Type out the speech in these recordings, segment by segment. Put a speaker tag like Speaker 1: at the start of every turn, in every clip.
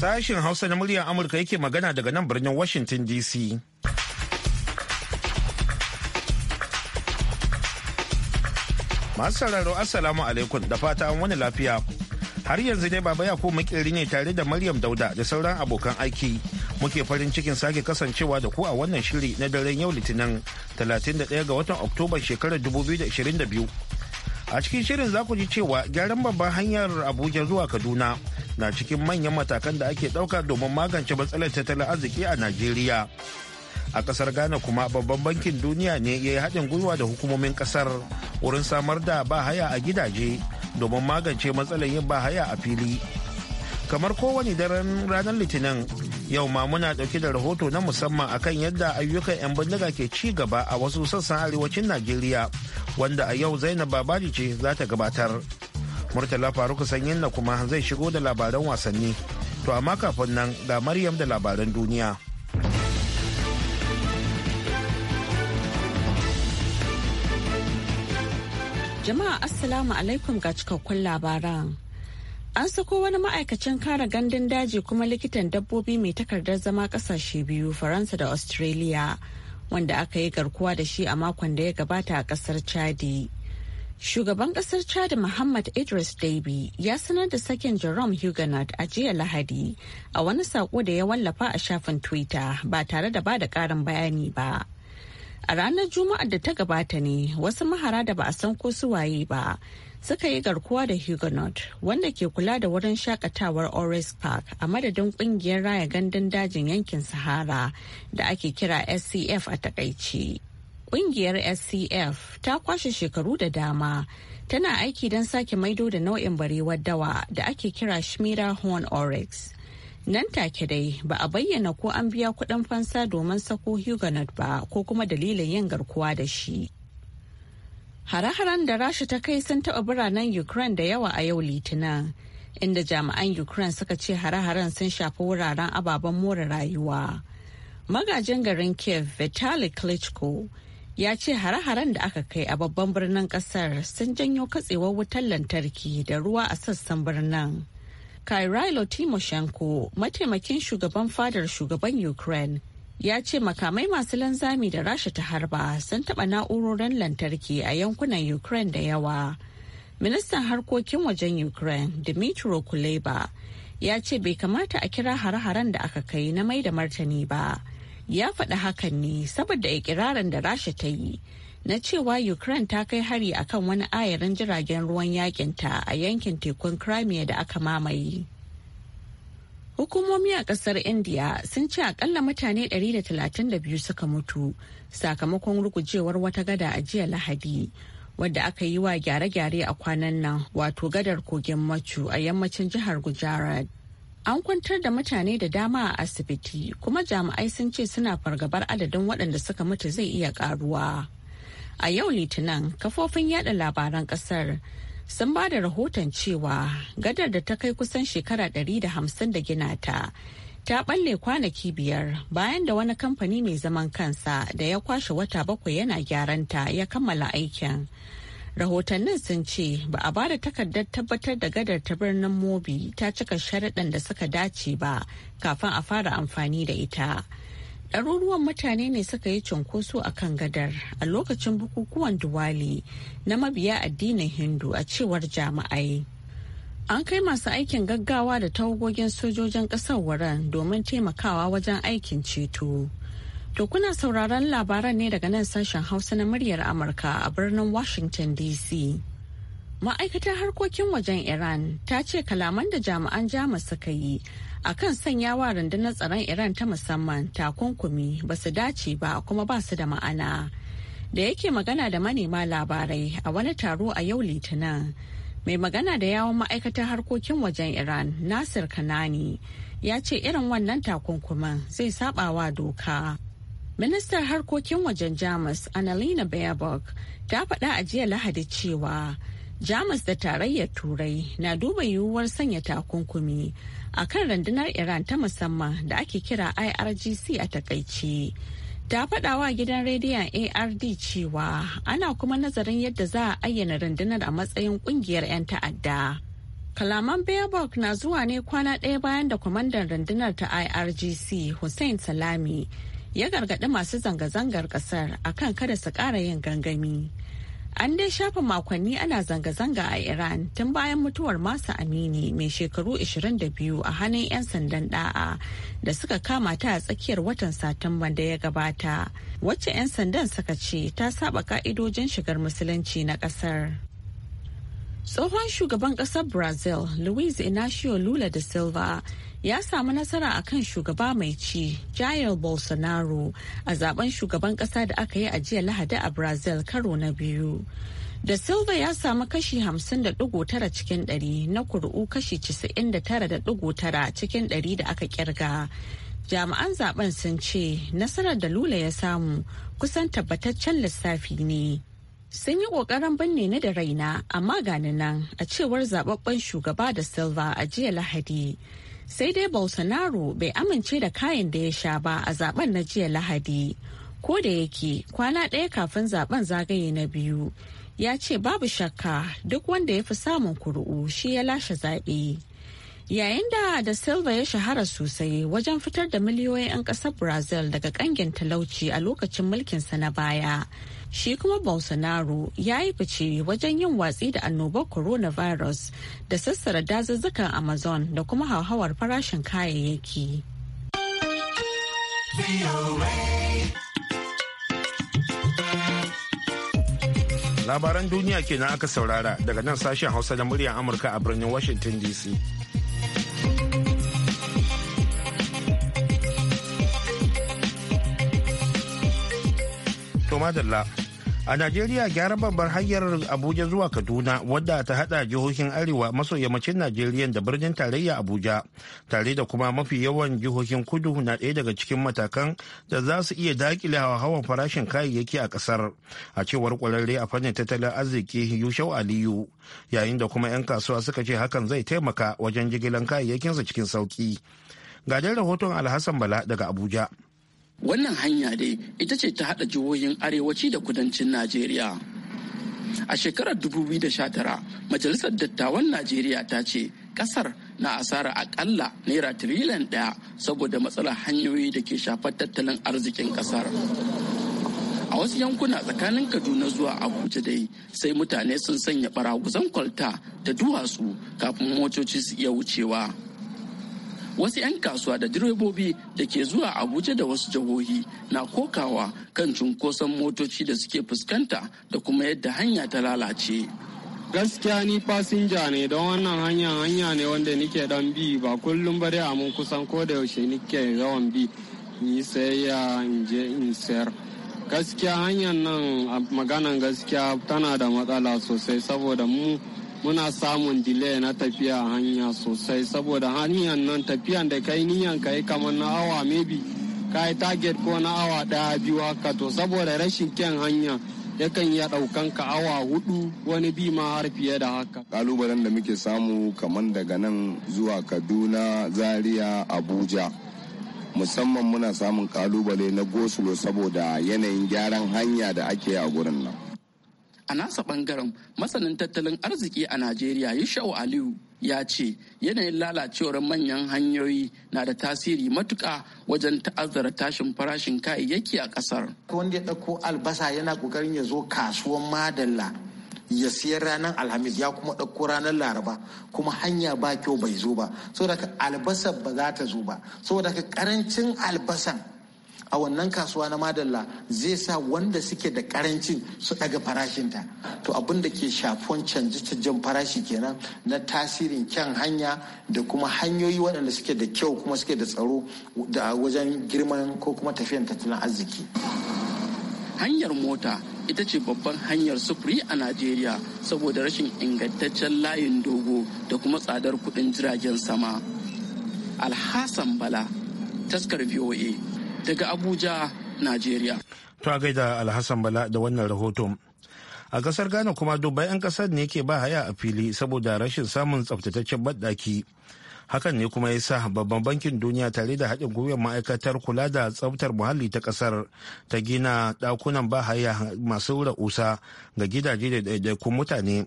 Speaker 1: Sashen Hausa na muryar Amurka yake magana daga nan birnin Washington DC. Masu sauraro Assalamu alaikum da fata wani lafiya. Har yanzu dai Baba Yakubu makirri ne tare da Maryam Dauda da sauran abokan aiki. Muke farin cikin sake kasancewa da ku a wannan shiri na daren yau Litinin 31 ga watan Oktoba shekarar 2022. a cikin shirin za ku ji cewa gyaran babban hanyar abuja zuwa kaduna na cikin manyan matakan da ake ɗauka domin magance matsalar tattalin arziki a najeriya a ƙasar ghana kuma babban bankin duniya ne ya yi haɗin gwiwa da hukumomin ƙasar wurin samar da ba haya a gidaje domin magance matsalar yin ba haya a fili kamar kowane daren ranar litinin yau ma muna ɗauke da rahoto na musamman akan yadda ayyukan 'yan bindiga ke ci gaba a wasu sassan arewacin najeriya wanda a yau zainab babaji ce za ta gabatar murtala faruk sanyin na kuma zai shigo da labaran wasanni to amma kafin nan ga maryam da labaran duniya
Speaker 2: jama'a assalamu alaikum ga cikakkun labaran An sako wani ma'aikacin kare gandun daji kuma likitan dabbobi mai takardar zama kasashe biyu Faransa da Australia wanda aka yi garkuwa da shi a makon da ya gabata a kasar chadi shugaban kasar chadi muhammad idris daibi ya sanar da sakin jerome huguenot a jiya lahadi a wani sako da ya wallafa a shafin twitter ba tare da ba da karin bayani ba a ranar juma'ar da ta gabata ne wasu mahara da ba a san ko su waye ba suka yi garkuwa da huguenot wanda ke kula da wurin shakatawar ores park a madadin kungiyar raya gandun dajin yankin sahara da ake kira scf a takaici kungiyar scf ta kwashe shekaru da dama tana aiki don sake maido da nau'in barewar dawa da ake kira shmira horn oryx nan take dai ba a bayyana ko an biya kudin fansa domin sako huguenot ba ko kuma dalilin yin garkuwa da shi Hare-haren da Rasha ta kai sun taɓa biranen Ukraine da yawa a yau Litinin, inda jami'an Ukraine suka ce hare-haren sun shafi wuraren ababen more rayuwa. Magajin garin Kiev Vitaly Klitschko ya ce hare-haren da aka kai a babban birnin kasar sun janyo katsewar wutar lantarki da ruwa a sassan birnin. Kairilo Timoshenko, mataimakin shugaban fadar shugaban Ukraine, ya ce makamai masu linzami da rasha ta harba sun taba na'urorin lantarki a yankunan ukraine da yawa ministan harkokin wajen ukraine dmitry kuleba ya ce bai kamata a kira hare-haren da aka kai na mai da martani ba ya faɗi hakan ne saboda ikirarin da rasha ta yi na cewa ukraine ta kai hari akan wani ayarin jiragen ruwan yakinta a yankin tekun crimea da aka mamaye Hukumomi a kasar India sun ce akalla mutane 132 suka mutu sakamakon rugujewar wata gada a jiya Lahadi. Wadda aka yi wa gyare-gyare a kwanan nan wato gadar kogin Machu a yammacin jihar Gujarat. An kwantar da mutane da dama a asibiti kuma jami'ai sun ce suna fargabar adadin waɗanda suka mutu zai iya ƙaruwa. A yau Litinin kafofin yada labaran ƙasar sun ba da rahoton cewa gadar da ta kai kusan shekara 150 da gina ta ta balle kwanaki biyar bayan da wani kamfani mai zaman kansa da ya kwashe wata bakwai yana gyaran ta ya kammala aikin rahotannin sun ce ba a ba da takardar tabbatar da gadar ta birnin mobi ta cika sharaɗan da suka dace ba kafin a fara amfani da ita. ɗaruruwan mutane ne suka yi cunkoso a kan gadar a lokacin bukukuwan Diwali na mabiya addinin Hindu a cewar jami'ai. An kai masu aikin gaggawa da tawagogin sojojin ƙasar wurin domin taimakawa wajen aikin ceto. To kuna sauraron labaran ne daga nan sashen Hausa na muryar Amurka a birnin Washington DC. Ma'aikatar harkokin wajen Iran ta ce kalaman da jami'an Jamus suka yi a kan wa rundunar tsaron iran ta musamman takunkumi ba su dace ba kuma ba su da ma'ana da yake magana da manema labarai a wani taro a yau litinin mai magana da yawon ma'aikatar harkokin wajen iran nasir kanani ya ce irin wannan takunkumin zai sabawa doka ministar harkokin wajen jamus annalina baerbock ta faɗa a jiya lahadi cewa jamus da tarayyar turai na duba yiwuwar sanya takunkumi a kan rundunar Iran ta musamman da ake kira IRGC a takaice. Ta faɗa wa gidan rediyon ARD cewa ana kuma nazarin yadda za a ayyana rundunar a matsayin ƙungiyar 'yan ta'adda. Kalaman Baerbock na zuwa ne kwana ɗaya bayan da kwamandan rundunar ta IRGC Hussein Salami ya gargaɗi masu zanga-zangar ƙasar akan kada su ƙara yin gangami. An dai shafa makonni ana zanga-zanga a Iran tun bayan mutuwar Masa Amini mai shekaru 22 a hannun 'yan sandan da'a da suka kama ta a tsakiyar watan Satumban da ya gabata, wacce 'yan sandan suka ce ta saba ka'idojin shigar musulunci na kasar. Tsohon shugaban kasar Brazil, Luiz Inacio Lula da Silva, ya samu nasara a kan shugaba mai ci jair bolsonaro a zaben shugaban kasa da aka yi a jiya lahadi a brazil karo na biyu da silva ya samu kashi 50.9 cikin 100 na kuri'u kashi 99.9 cikin 100 da aka kirga jami'an zaben sun ce nasarar da lula ya samu kusan tabbataccen lissafi ne sun yi kokarin binne ni da raina amma gani nan a cewar zababben shugaba da silva a jiya lahadi sai dai bolsonaro bai amince da kayan da ya sha ba a zaben na jiya lahadi ko da yake kwana ɗaya kafin zaben zagaye na biyu ya ce babu shakka duk wanda ya fi samun kuru'u shi ya lashe zaɓe yayin da da silva ya shahara sosai wajen fitar da miliyoyin 'yan ƙasar brazil daga ƙangin talauci a lokacin mulkinsa na baya Shi kuma Bolsonaro ya yi fice wajen yin watsi da annobar coronavirus da sassara dazuzzukan Amazon da kuma hauhawar farashin kayayyaki.
Speaker 1: Labaran duniya kenan aka saurara daga nan sashen Hausa da muryar Amurka a birnin Washington DC. To a najeriya gyaran babbar hanyar abuja zuwa kaduna wadda ta hada jihohin arewa maso yammacin najeriya da birnin tarayya abuja tare da kuma mafi yawan jihohin kudu na ɗaya daga cikin matakan da za su iya dakile hawan farashin kayayyaki a ƙasar a cewar ƙwararre a fannin tattalin arziki yushau aliyu yayin da kuma 'yan kasuwa suka ce hakan zai taimaka wajen jigilan kayayyakinsa cikin sauki ga rahoton alhassan bala daga abuja wannan hanya
Speaker 3: dai ita ce ta haɗa jihohin arewaci da kudancin najeriya a shekarar 2019 majalisar dattawan najeriya ta ce kasar na asara akalla naira tiriliyan daya saboda matsalar hanyoyi da ke shafar tattalin arzikin kasar a wasu yankuna tsakanin kaduna zuwa abuja dai sai mutane sun sanya barawuzan kwalta da duwatsu kafin motoci su iya wucewa wasu 'yan kasuwa da direbobi da ke zuwa abuja da wasu jihohi na kokawa kan cunkoson motoci da suke fuskanta da kuma yadda hanya ta lalace
Speaker 4: gaskiya ni fasinja ne don wannan hanya hanya ne wanda nike dan bi ba kullum ba dai amin kusan ko da yaushe nike yawan bi ni sai in je in sayar gaskiya hanyar nan maganan gaskiya tana da matsala sosai saboda mu muna samun delay na tafiya hanya sosai saboda hanyar nan tafiyan da kai niyan ka yi kamar na awa maybe ka yi target ko na awa daya biyu haka to saboda rashin kyan hanya yakan iya ɗaukan ka awa hudu wani bi ma har fiye da haka. Kalubalen da muke samu kamar daga nan zuwa Kaduna, Zaria, Abuja. Musamman muna samun kalubale na gosulo saboda yanayin gyaran hanya da ake a gurin nan.
Speaker 3: a nasa bangaren masanin tattalin arziki a najeriya yushau aliyu ya ce yanayin lalacewar manyan hanyoyi na da tasiri matuka wajen ta'azzara tashin farashin kayayyaki a kasar
Speaker 5: wanda ya ɗauko albasa yana ƙoƙarin ya zo kasuwan madalla ya siyar ranar alhamis ya kuma ɗauko ranar laraba kuma hanya ba kyau bai zo ba saboda albasa ba za ta zo ba saboda karancin albasan a wannan kasuwa na madalla zai sa wanda suke da karancin su daga farashinta to abin da ke shafon canje-canjen farashi kenan na tasirin kyan hanya da kuma hanyoyi waɗanda suke da kyau kuma suke da tsaro da wajen girman ko kuma tafiyan tattalin arziki
Speaker 3: hanyar mota ita ce babban hanyar sufuri a najeriya saboda rashin ingantaccen layin dogo da kuma tsadar kudin jiragen sama alhassan bala taskar voa daga Abuja,
Speaker 1: Najeriya. ta a gaida Alhassan Bala da wannan rahoto a kasar ghana kuma dubai 'yan kasar ne ke ba haya a fili saboda rashin samun tsaftataccen banɗaki hakan ne kuma ya sa babban bankin duniya tare da haɗin gwiwar ma'aikatar kula da tsaftar muhalli ta kasar ta gina ɗakunan ba haya masu ra'usa ga gidaje da ɗaiɗaikun mutane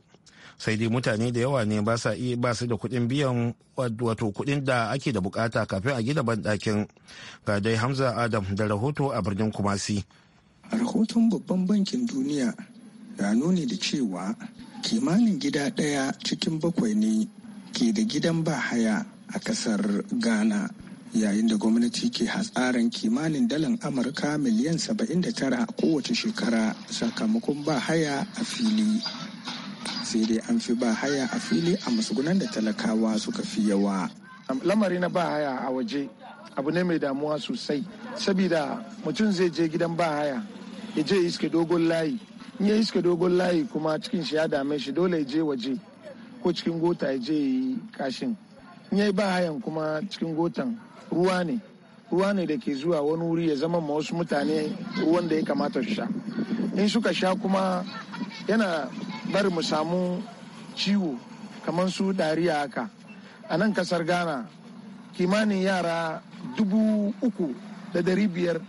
Speaker 1: sai dai mutane da yawa ne ba su da kuɗin biyan wato kuɗin da ake da bukata kafin a gina banɗakin ga dai hamza adam da rahoto a birnin
Speaker 6: kumasi rahoton babban bankin duniya ya nuni da cewa kimanin gida ɗaya cikin bakwai ne ke da gidan ba haya a kasar ghana yayin da gwamnati ke hatsarin kimanin dalan amurka miliyan 79 a kowace shekara sakamakon ba haya a fili sai dai an fi ba haya a fili a masugunan da talakawa suka fi yawa
Speaker 5: lamari na ba haya a waje abu ne mai damuwa sosai sabida mutum zai je gidan ba haya ya je iske dogon layi in ya iske dogon layi kuma cikin shi ya dame shi dole ya je waje ko cikin gota ya je yi kashin in ya yi ba hayan kuma cikin gotan ruwa ne ruwa ne da ke zuwa wani wuri ya zama ma wasu mutane ruwan da ya kamata su sha in suka sha kuma yana bari mu samu ciwo kamar su dariya haka a nan kasar ghana kimanin yara dubu uku da dari biyar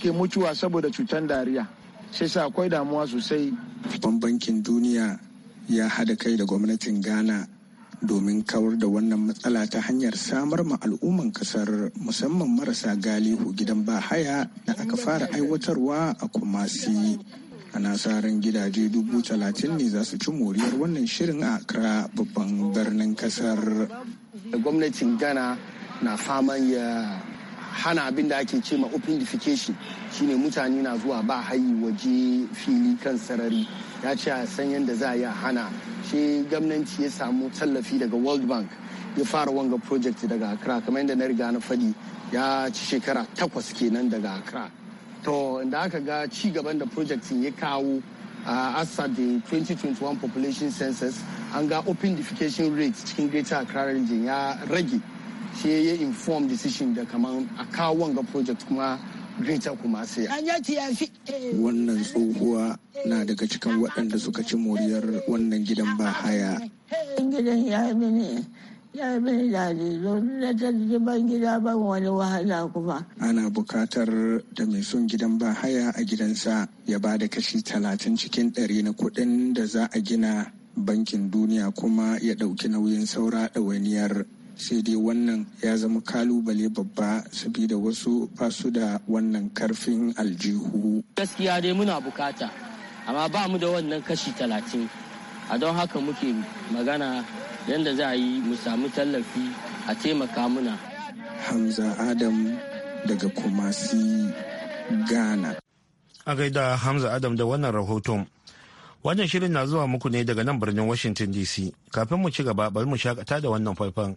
Speaker 5: ke mutuwa saboda cutar dariya sai sa akwai damuwa sosai
Speaker 6: babban bankin duniya ya hada kai da gwamnatin ghana domin kawar da wannan matsala ta hanyar samar ma al'umman kasar musamman marasa galihu gidan bahaya da aka fara aiwatarwa a kumasi ana sa ran gidaje dubu talatin ne za su ci moriyar wannan shirin a kara babban birnin kasar gwamnatin
Speaker 5: ghana na faman ya hana abin da ake ce ma open defecation shine mutane na zuwa ba hayi waje fili kan sarari ya ce a san yadda za a yi hana shi gwamnati ya samu tallafi daga world bank ya fara wanga project daga accra kamar yadda na riga na fadi ya ci shekara takwas kenan daga accra to inda aka ga ci gaban da project ya kawo a asa da 2021 population census an ga open defecation rate cikin greater accra region ya rage shi ya inform decision da kaman a kawo wanga project kuma greater kuma sai.
Speaker 2: Eh.
Speaker 6: Wannan tsohuwa na daga cikin waɗanda suka ci moriyar wannan gidan ba haya.
Speaker 2: Eh, ya mai na gida ban wani wahala kuma.
Speaker 6: Ana bukatar da mai son gidan ba haya a gidansa ya ba da kashi talatin cikin ɗari na kuɗin da za a gina bankin duniya kuma ya ɗauki nauyin saura ɗawainiyar sai dai wannan ya zama kalubale babba saboda wasu basu da wannan karfin aljihu.
Speaker 7: Gaskiya dai muna bukata, amma ba mu da wannan kashi talatin. A don haka muke magana yadda za a yi mu samu tallafi a taimaka muna.
Speaker 6: Hamza Adam daga Kumasi, Ghana.
Speaker 1: A gaida Hamza Adam da wannan rahoton. Wannan shirin na zuwa muku ne daga nan birnin Washington DC. Kafin mu ci gaba bari mu shakata da wannan faifan.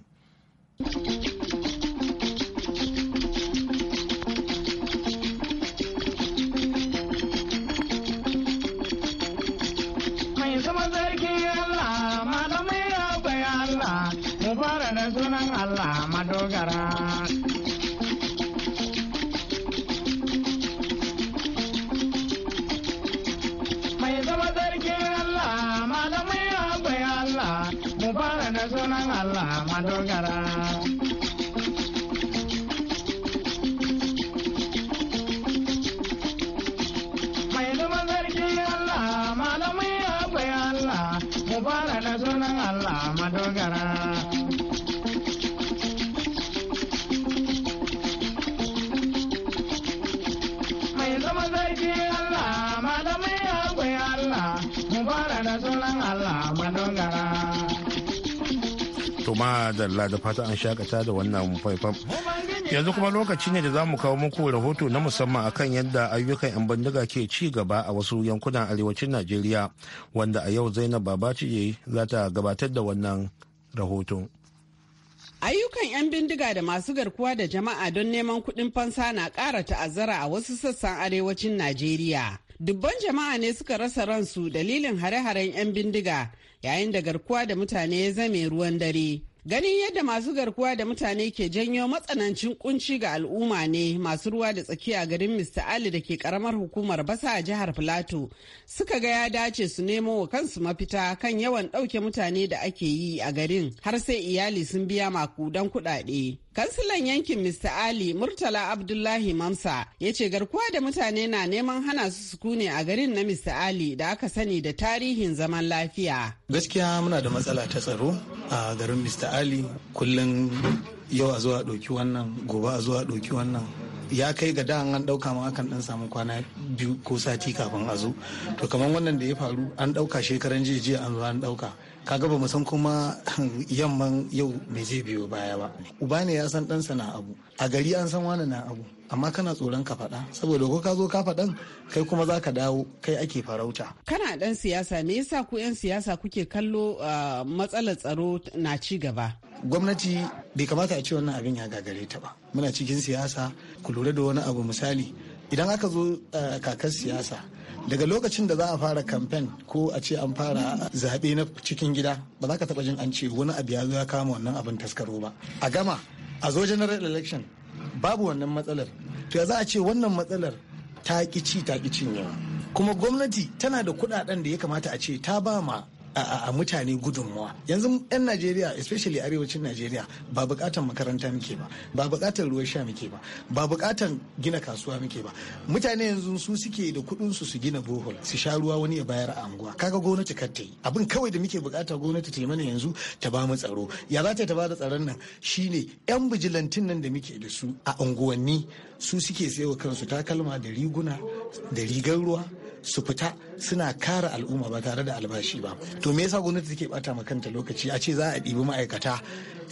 Speaker 1: da da fata an shakata da wannan faifan. Yanzu kuma lokaci ne da za mu kawo muku rahoto na musamman akan yadda ayyukan 'yan bindiga ke ci gaba a wasu yankunan arewacin Najeriya wanda a yau Zainab Babaci za ta gabatar da wannan rahoto
Speaker 8: Ayyukan 'yan bindiga da masu garkuwa da jama'a don neman kuɗin fansa na ƙara ta'azzara a wasu sassan arewacin Najeriya. Dubban jama'a ne suka rasa ransu dalilin hare-haren 'yan bindiga yayin da garkuwa da mutane ya zame ruwan dare. Ganin yadda masu garkuwa da mutane ke janyo matsanancin kunci ga al'umma ne masu ruwa da tsakiya garin Mr. Ali da ke karamar hukumar Basa a jihar Filato suka ga ya dace su nemo wa kansu mafita kan yawan ɗauke mutane da ake yi a garin har sai iyali sun biya makudan kuɗaɗe. Kansilan yankin Mr. Ali Murtala Abdullahi Mamsa ya ce garkuwa da mutane na neman hana su ne a garin na Mr. Ali da aka sani da tarihin zaman lafiya.
Speaker 5: Gaskiya muna da matsala ta tsaro a garin mr ali kullum yau a zuwa ɗauki wannan gobe a zuwa ɗauki wannan ya kai ga da an ɗauka ma akan ɗan samu kwana biyu ko sati kafin a zo to kamar wannan da ya faru an ɗauka shekaran jiya an zo an ɗauka kaga ba mu san kuma yamman yau mai zai biyo baya ba uba ne ya san ɗansa na abu a gari an san wani na abu amma kana tsoron ka faɗa saboda ko ka zo ka faɗan kai kuma za ka dawo kai ake farauta.
Speaker 8: kana ɗan siyasa me yasa ku 'yan siyasa kuke kallo matsalar tsaro na ci gaba. gwamnati bai kamata
Speaker 5: a ce wannan abin ya gagare ta ba muna cikin siyasa ku lura da wani abu misali idan aka zo kakar siyasa daga lokacin da za a fara kamfen ko a ce an fara zaɓe na cikin gida ba za ka taɓa jin an ce wani abu ya zo ya kama wannan abin taskaro ba a gama a zo general election babu wannan matsalar to za a ce wannan matsalar ta ƙi ci ta ƙi cinyewa kuma gwamnati tana da kuɗaɗen da ya kamata a ce ta ba ma a mutane gudunmawa yanzu 'yan najeriya especially arewacin najeriya ba bukatan makaranta muke ba ba bukatan ruwan sha muke ba ba bukatan gina kasuwa muke ba mutane yanzu su suke da kudin su su gina bohol su sha ruwa wani ya bayar a anguwa kaga gwamnati kar ta yi abin kawai da muke bukata gwamnati ta yi mana yanzu ta ba mu tsaro ya za ta ba da tsaron nan shine 'yan bijilantin nan da muke da su a unguwanni su suke sayo kansu takalma da riguna da rigar ruwa su fita suna kare al'umma ba tare da albashi ba to me yasa gwamnati take bata ma kanta lokaci a ce za a ɗibi ma'aikata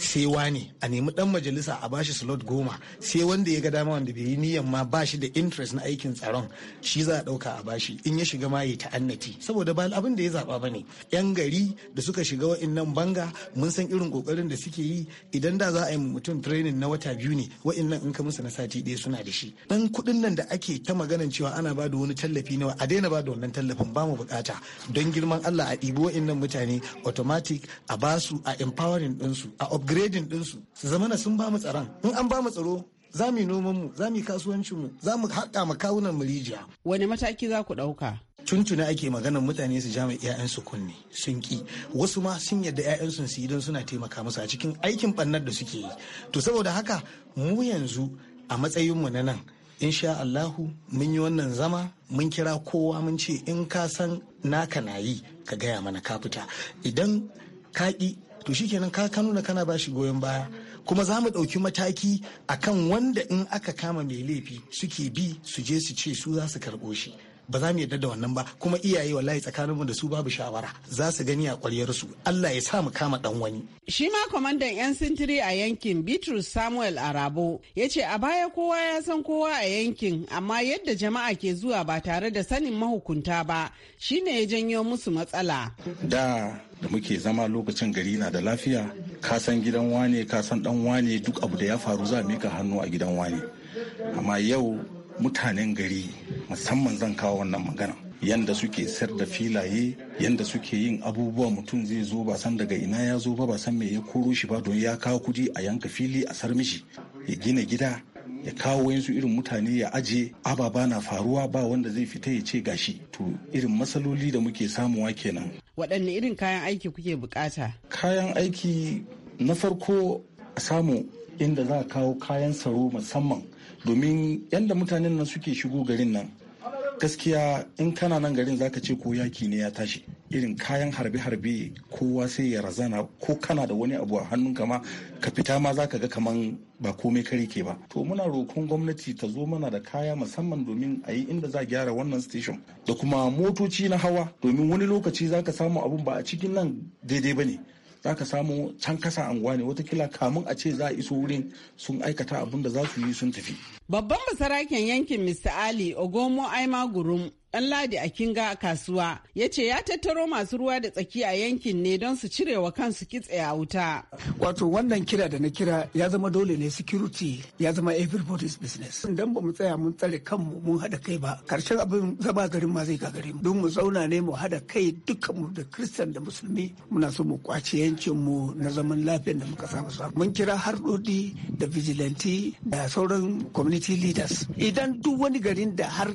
Speaker 5: sai wani a nemi dan majalisa a bashi slot goma sai wanda ya ga dama wanda bai yi niyan ma bashi da interest na aikin tsaron shi za a dauka a bashi in ya shiga ma ya ta'annati saboda ba abin da ya zaba ne. yan gari da suka shiga wa'annan banga mun san irin kokarin da suke yi idan da za a yi mutum training na wata biyu ne wa'annan in ka musu na sati ɗaya suna da shi dan kuɗin nan da ake ta maganan cewa ana ba da wani tallafi nawa a daina ba da wannan tallafin ba mu bukata don girman Allah a ɗibi wa'annan mutane automatic a basu a empowering ɗinsu a gredin ɗinsu su zama na sun ba mu tsaron in an ba mu tsaro za mu yi nomanmu za mu yi kasuwancinmu za mu haɗa ma kawunan mu rijiya. Wani mataki za ku ɗauka? tuntuna ake maganar mutane su jami 'ya'yansu kunne sun ki wasu ma sun yadda 'ya'yansu su yi idan suna taimaka musu a cikin aikin ɓannar da suke yi to saboda haka mu yanzu a matsayin mu na nan insha Allahu mun yi wannan zama mun kira kowa mun ce in ka san naka na yi ka gaya mana ka fita idan ka ƙi to shikenan ka kano da kana bashi goyon baya kuma za mu ɗauki mataki a kan wanda in aka kama mai laifi suke bi su je su ce su za su karɓo shi ba za mu yarda da wannan ba kuma iyaye wallahi tsakaninmu da su babu shawara za su gani a kwaryar su Allah ya sa mu kama ɗan wani
Speaker 8: shi ma kwamandan yan sintiri a yankin Bitrus Samuel Arabo ya ce a baya kowa ya san kowa a yankin amma yadda jama'a ke zuwa ba tare da sanin mahukunta ba shine ya janyo musu matsala
Speaker 9: da da muke zama lokacin gari na da lafiya ka san gidan wane ka san dan wane duk abu da ya faru za ka hannu a gidan wane amma yau mutanen gari musamman zan kawo wannan magana yanda suke sayar da filaye yanda suke yin abubuwa mutum zai zo ba san daga ina ya zo ba ba san me ya koro shi ba don ya kawo kudi a yanka fili a sar mishi ya gina gida ya kawo wayansu irin mutane ya aje ababa na faruwa ba wanda zai fita ya ce gashi to irin matsaloli da muke samuwa kenan
Speaker 8: waɗanne irin kayan aiki kuke bukata
Speaker 9: kayan aiki na farko a samu inda za a kawo kayan tsaro musamman domin yadda mutanen nan suke shigo garin nan gaskiya in kana nan garin zaka ce ko yaki ne ya tashi irin kayan harbe-harbe kowa sai ya razana ko kana da wani abu a hannun kama ka fita ma za ka ga kaman ba komai kare ke ba to muna roƙon gwamnati ta zo mana da kaya musamman domin a yi inda za gyara wannan station da kuma motoci na hawa domin wani lokaci za ka samu abun ba a cikin nan daidai ba ne za ka samu can kasa anguwa ne watakila kamun a ce za a iso wurin sun aikata abun da za su yi sun tafi
Speaker 8: babban masarakin yankin mr ali ogomo aima gurum ladi a Kinga a kasuwa ya ce ya tattaro masu ruwa da tsaki a yankin ne don su cire wa kansu kitse a wuta. Wato wannan kira da na kira ya zama
Speaker 10: dole ne security ya zama everybody's business. Idan ba mu tsaya mun tsare kanmu mun haɗa kai ba karshen abin zama garin ma zai gagare mu. Don mu zauna ne mu hada kai dukkanmu da Kiristan da Musulmi muna so mu kwace yancin mu na zaman lafiyar da muka samu Mun kira harɗoɗi da vigilante da sauran community leaders. Idan duk wani garin da har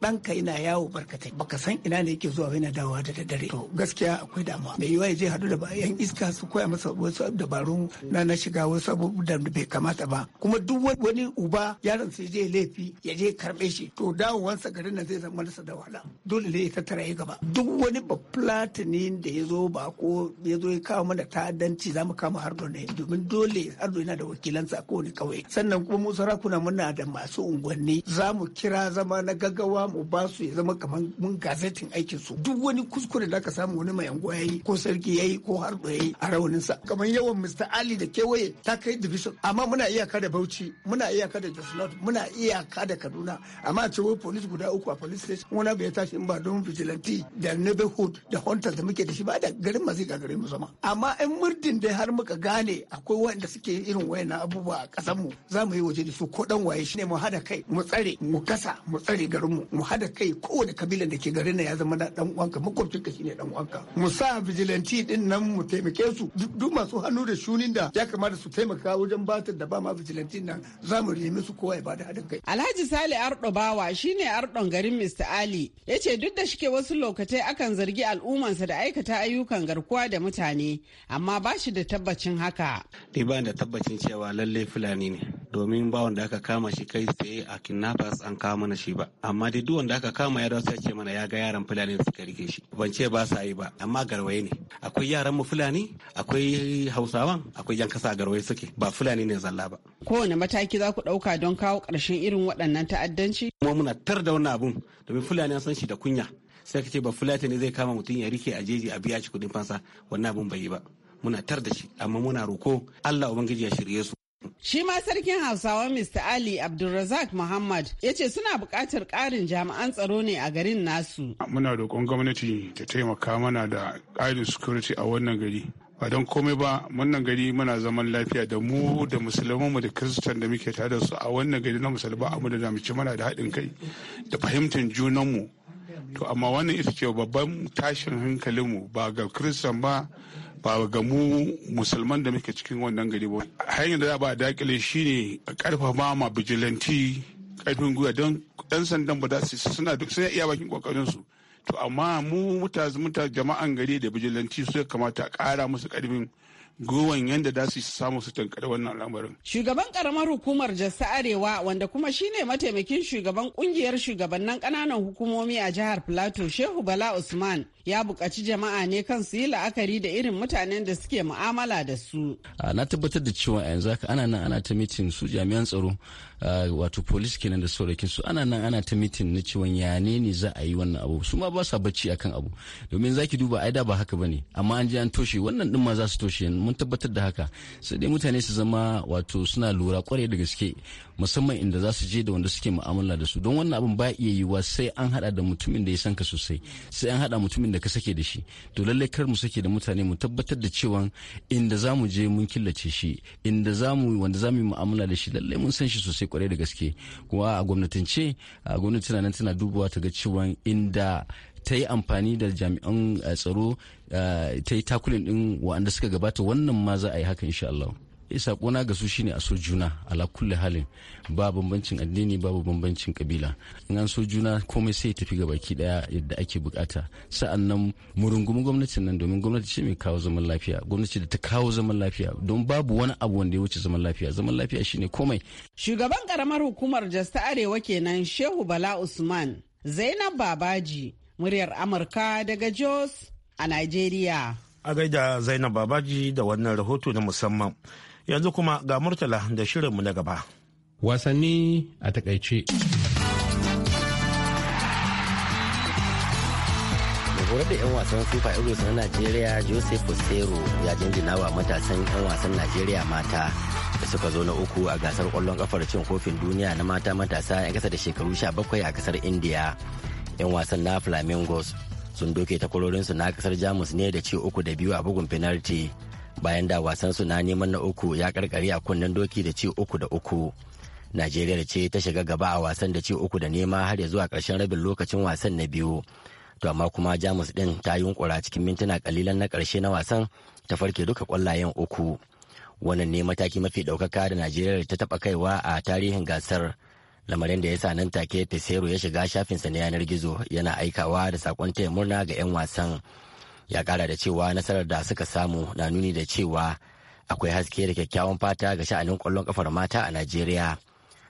Speaker 10: ɗanka yana ya yawo barkatai baka san ina ne yake zuwa yana dawowa da daddare to gaskiya akwai damuwa mai yiwa ya je hadu da bayan iska su koya masa wasu dabaru na na shiga wasu abubuwan da bai kamata ba kuma duk wani uba yaron sai je laifi ya je karɓe shi to dawowansa garin nan zai zama nasa da wahala dole ne ya tattara ya gaba duk wani bafulatani da ya zo ba ko ya zo ya kawo mana ta'addanci za mu kama hardo ne domin dole hardo yana da wakilansa a kowane kauye sannan kuma mu sarakuna muna da masu unguwanni za mu kira zama na gaggawa mu ba su ya zama kamar mun gazetin aikin su duk wani kuskure da aka samu wani mai anguwa yayi ko sarki yayi ko harɗo yayi a raunin sa kamar yawan Mr. Ali da kewaye ta kai division amma muna iyaka da Bauchi muna iyaka da Jos muna iyaka da Kaduna amma ce wai police guda uku a police station wani bai tashi in ba don vigilante da neighborhood da hunters da muke da shi ba da garin ma zai gagare mu zama amma in murdin dai har muka gane akwai wanda suke irin wayannan abubuwa a ƙasar mu za mu yi waje da su ko dan waye shine mu hada kai mu tsare mu kasa mu tsare garin mu mu hada kai kowane kabilar da ke garin na ya zama dan uwanka makwabcin ka shine dan uwanka mu sa vigilante din nan mu taimake su duk masu hannu da shunin da ya kamata su taimaka wajen batar
Speaker 8: da ba ma vigilante nan za mu nemi su kowa ya bada haɗin kai Alhaji Sale Ardo Bawa shine Ardon garin Mr Ali yace duk da shike wasu lokacin akan zargi al'ummansa da aikata ayyukan garkuwa da mutane amma ba shi da tabbacin haka
Speaker 5: ni ba da tabbacin cewa lallai fulani ne domin ba wanda aka kama shi kai sai a kidnappers an kama na shi ba amma duk wanda aka kama mama ya dawo sai mana ya ga yaran fulani da suka rike shi ban ce ba sa yi ba amma garwaye ne akwai yaran mu fulani akwai hausawan akwai yan kasa garwaye suke ba fulani ne zalla ba
Speaker 8: kowane mataki za ku ɗauka don kawo karshen irin waɗannan ta'addanci
Speaker 5: kuma muna tar da wannan abun domin fulani san shi da kunya sai ka ce ba fulani ne zai kama mutum ya rike a jeji a biya shi kuɗin fansa wannan abun bai yi ba muna tar da shi amma muna roko Allah ubangiji ya shirye su
Speaker 8: Shi ma sarkin Hausawa Mr. Ali Abdulrazak Muhammad ya ce suna buƙatar ƙarin jami'an tsaro ne a garin nasu.
Speaker 9: Muna roƙon gwamnati ta taimaka mana da ƙarin security a wannan gari. ba don komai ba wannan gari muna zaman lafiya da mu da musulmanmu da kiristan da muke tare da su a wannan gari na musulma abu da zamici mana da haɗin kai da fahimtar junanmu to amma wannan ita ce babban tashin hankalinmu ba ga kristan ba ba ga mu musulman da muke cikin wannan gari ba hanyar da za ba dakile shine karfafa ma bijilanti karfin gwiwa don dan sandan ba za su suna duk suna iya bakin kokarin su to amma mu mutaz muta jama'an gari da bijilanti su kamata a kara musu karfin gowan yadda za su samu su tankare wannan al'amarin.
Speaker 8: Shugaban karamar hukumar jasa Arewa wanda kuma shine mataimakin shugaban kungiyar shugabannin kananan hukumomi a jihar Plateau Shehu Bala Usman ya bukaci jama'a ne kan su yi la'akari da irin mutanen da suke mu'amala da su.
Speaker 4: Na tabbatar da cewa yanzu haka ana nan ana ta mitin su jami'an tsaro wato polis kenan da saurakin su ana nan ana ta mitin na cewa ya ne ne za a yi wannan abu su ma ba sa bacci akan abu domin zaki duba ai da ba haka bane amma an ji an toshe wannan din ma za su toshe mun tabbatar da haka sai dai mutane su zama wato suna lura kwarai da gaske musamman inda za su je da wanda suke mu'amala da su don wannan abin ba iya yiwuwa sai an hada da mutumin da ya san ka sosai sai an hada mutumin da ka sake da shi to lallai kar mu sake da mutane mu tabbatar da cewa inda za mu je mun killace shi inda za mu wanda za mu yi mu'amala da shi lallai mun san shi sosai kwarai da gaske kuma a gwamnatance a gwamnati tana nan tana dubawa ta ga cewa inda ta yi amfani da jami'an eh, tsaro eh, ta yi takulin din wa'anda suka gabata wannan ma za a yi haka insha Allah. Eh, sakona ga su shine a so juna ala kulle halin ba bambancin addini ba bambancin kabila in an so juna komai sai tafi ga baki daya yadda ake bukata sa'an nan mu rungumi gwamnatin nan domin gwamnati ce mai kawo zaman lafiya gwamnati da ta kawo zaman lafiya don babu wani abu wanda ya wuce zaman lafiya zaman lafiya shine komai shugaban karamar hukumar jasta arewa kenan shehu bala usman
Speaker 8: zainab babaji muryar Amurka daga Jos a nigeria.
Speaker 1: A gaida Zainab Babaji da wannan rahoto na musamman. Yanzu kuma ga Murtala da shirinmu na gaba.
Speaker 9: Wasanni a takaice.
Speaker 7: horar da 'yan wasan super eagles na najeriya joseph osero ya jinjina wa matasan 'yan wasan najeriya mata da suka zo na uku a gasar kwallon kafar cin kofin duniya na mata matasa 'yan kasa da shekaru 17 a kasar india 'yan wasan na flamingos sun doke takwarorinsu na kasar jamus ne da ci uku da biyu a bugun penalty bayan da wasan su na neman na uku ya karkare a kunnen doki da ci uku da uku najeriya ce ta shiga gaba a wasan da ci uku da nema har ya zuwa karshen rabin lokacin wasan na biyu to amma kuma jamus din ta yunkura cikin mintuna kalilan na karshe na wasan ta farke duka kwallayen uku wannan ne mataki mafi ɗaukaka da najeriya ta taɓa kaiwa a tarihin gasar lamarin da ya sa nan take tesero ya shiga shafinsa na yanar gizo yana aikawa da sakon taya murna ga 'yan wasan ya kara da cewa nasarar da suka samu na nuni da cewa akwai haske da kyakkyawan fata ga sha'anin kwallon kafar mata a najeriya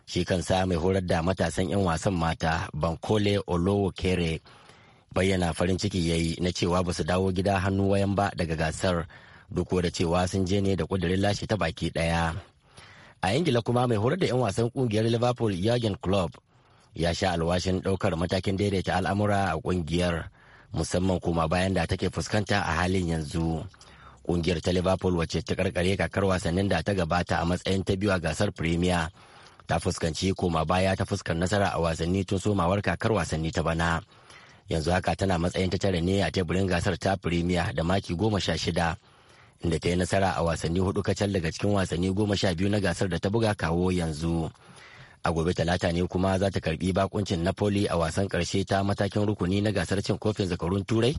Speaker 7: shi kansa mai horar da matasan 'yan wasan mata bankole olowo kere bayyana farin ciki ya yi na cewa ba su dawo gida hannu wayan ba daga gasar duk da cewa sun je ne da kudirin lashe ta baki ɗaya. a ingila kuma mai horar da 'yan wasan kungiyar liverpool jurgen klopp ya sha alwashin ɗaukar matakin daidaita al'amura a kungiyar musamman kuma bayan da take fuskanta a halin yanzu kungiyar ta liverpool wacce ta karkare kakar wasannin da ta gabata a matsayin ta biyu a gasar premier ta fuskanci koma baya ta fuskar nasara a wasanni tun somawar kakar wasanni ta bana yanzu haka tana matsayin ta tare ne a teburin gasar ta premier da maki goma sha shida inda ta yi nasara a wasanni hudu kacal daga cikin wasanni goma sha biyu na gasar da ta buga kawo yanzu a gobe talata ne kuma za ta karbi bakuncin napoli a wasan karshe ta matakin rukuni na gasar cin kofin zakarun turai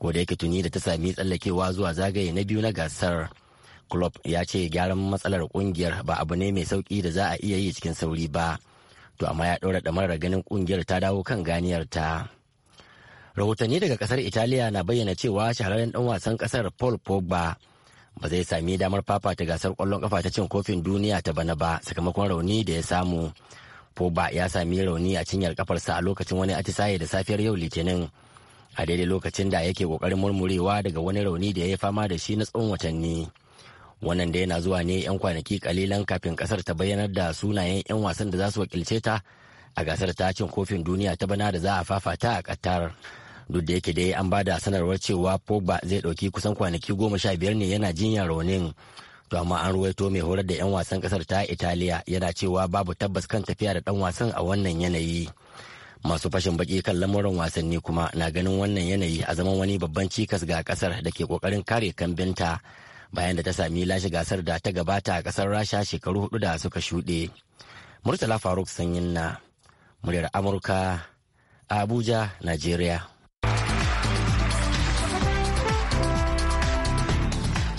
Speaker 7: ko da yake tuni da ta sami tsallakewa zuwa zagaye na biyu na gasar klub ya ce gyaran matsalar kungiyar ba abu ne mai sauki da za a iya yi cikin sauri ba to amma ya ɗora ɗamarar ganin kungiyar ta dawo kan ganiyar ta rahotanni daga kasar italiya na bayyana cewa shahararren dan wasan kasar paul pogba ba zai sami damar fafata gasar kwallon kafa ta cin kofin duniya ta bana ba sakamakon rauni da ya samu ba ya sami rauni a cinyar kafarsa a lokacin wani atisaye da safiyar yau litinin a daidai lokacin da yake kokarin murmurewa daga wani rauni da ya yi fama da shi na tsawon watanni wannan da yana zuwa ne 'yan kwanaki kalilan kafin kasar ta bayyanar da sunayen 'yan wasan da za su wakilce ta a gasar ta cin kofin duniya ta bana da za a fafata a qatar duk da yake dai an ba da sanarwar cewa pogba zai ɗauki kusan kwanaki goma sha biyar ne yana jinyar raunin to amma an ruwaito mai horar da 'yan wasan ƙasar ta italiya yana cewa babu tabbas kan tafiya da ɗan wasan a wannan yanayi masu fashin baki kan lamuran wasanni kuma na ganin wannan yanayi a zaman wani babban cikas ga kasar da ke kokarin kare kambinta bayan da ta sami lashe gasar da ta gabata a ƙasar rasha shekaru hudu da suka shuɗe murtala faruk sanyin na muryar amurka abuja najeriya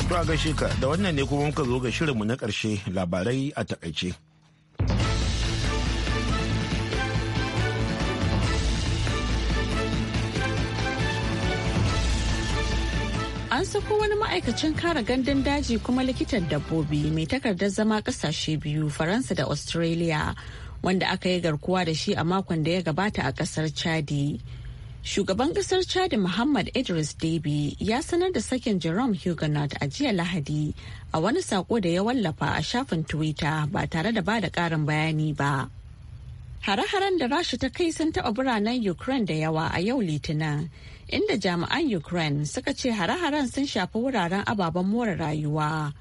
Speaker 1: To a ka da wannan ne kuma muka zo ga shirinmu na ƙarshe labarai a takaice.
Speaker 2: an sako wani ma'aikacin kare gandun daji kuma likitan dabbobi mai takardar zama kasashe biyu faransa da australia wanda aka yi garkuwa da shi a makon da ya gabata a kasar chadi Shugaban kasar Chad Muhammad Idris Deby ya sanar da sakin Jerome Huguenot a jiya Lahadi a wani sako da ya wallafa a shafin Twitter ba tare da ba da karin bayani ba. Hare-haren da Rasha ta kai sun taɓa biranen Ukraine da yawa a yau Litinin, inda jami'an Ukraine suka ce hare-haren sun shafi wuraren ababen more rayuwa.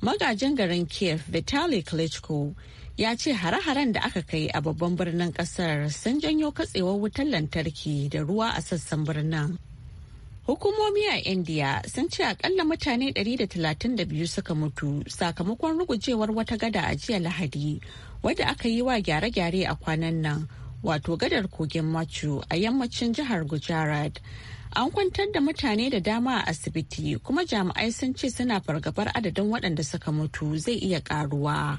Speaker 2: Magajin garin Kiev Vitaly Klitschko ya ce hare-haren da aka kai a babban birnin kasar sun janyo katsewar wutar lantarki da ruwa a sassan birnin. Hukumomi a India sun ce akalla mutane 132 suka mutu sakamakon rugujewar wata gada a jiya Lahadi wadda aka yi wa gyare-gyare a kwanan nan wato gadar kogin Machu a yammacin jihar Gujarat. An kwantar da mutane da dama a asibiti kuma jami'ai sun ce suna fargabar adadin waɗanda suka mutu zai iya ƙaruwa.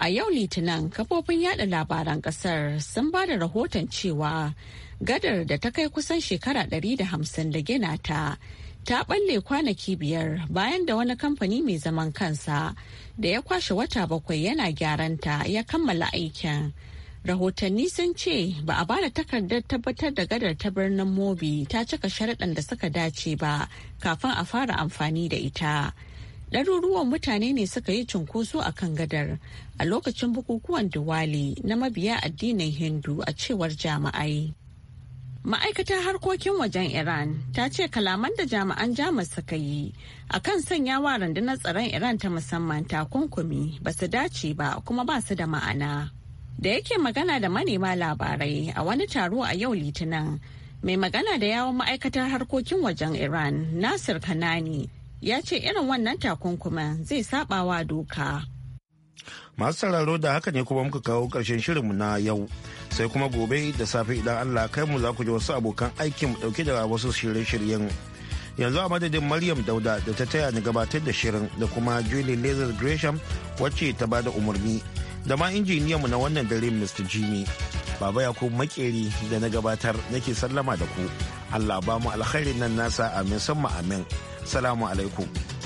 Speaker 2: A yau Litinin kafofin yada labaran kasar sun ba da rahoton cewa gadar da ta kai kusan shekara 150 da gina ta ta balle kwanaki biyar bayan da wani kamfani mai zaman kansa da ya kwashe wata bakwai yana gyaran ta, ya kammala aikin. Rahotanni sun ce ba a bada takardar tabbatar da gadar ta birnin Mobi ta cika sharaɗan da suka dace ba kafin a fara amfani da ita. ɗaruruwan mutane ne suka yi cunkoso a kan gadar a lokacin bukukuwan Diwali na mabiya addinin Hindu a cewar jama'ai. Ma'aikatar harkokin wajen Iran ta ce kalaman da jami'an Jamus suka yi a kan sanya wa rundunar tsaron Iran ta musamman takunkumi ba su dace ba kuma ba su da ma'ana. Da yake magana da manema labarai a wani taro a yau Litinin, mai magana da yawon ma'aikatar harkokin wajen Iran Nasir Kanani ya ce irin wannan takunkuma zai sabawa doka.
Speaker 1: Masu sauraro da haka ne kuma muka kawo ƙarshen shirinmu na yau sai kuma gobe da safe idan Allah kai mu za ku ji wasu abokan aikin mu ɗauke da wasu shirye-shiryen. Yanzu a madadin Maryam Dauda da ta taya ni gabatar da shirin da kuma Julie Lazar Gresham wacce ta ba da umarni da ma injiniyanmu na wannan dare Mr. Jimmy. Baba Yakubu Makeri da na gabatar nake sallama da ku. Allah ba mu alkhairin nan nasa amin san amin. Salamu alaikum.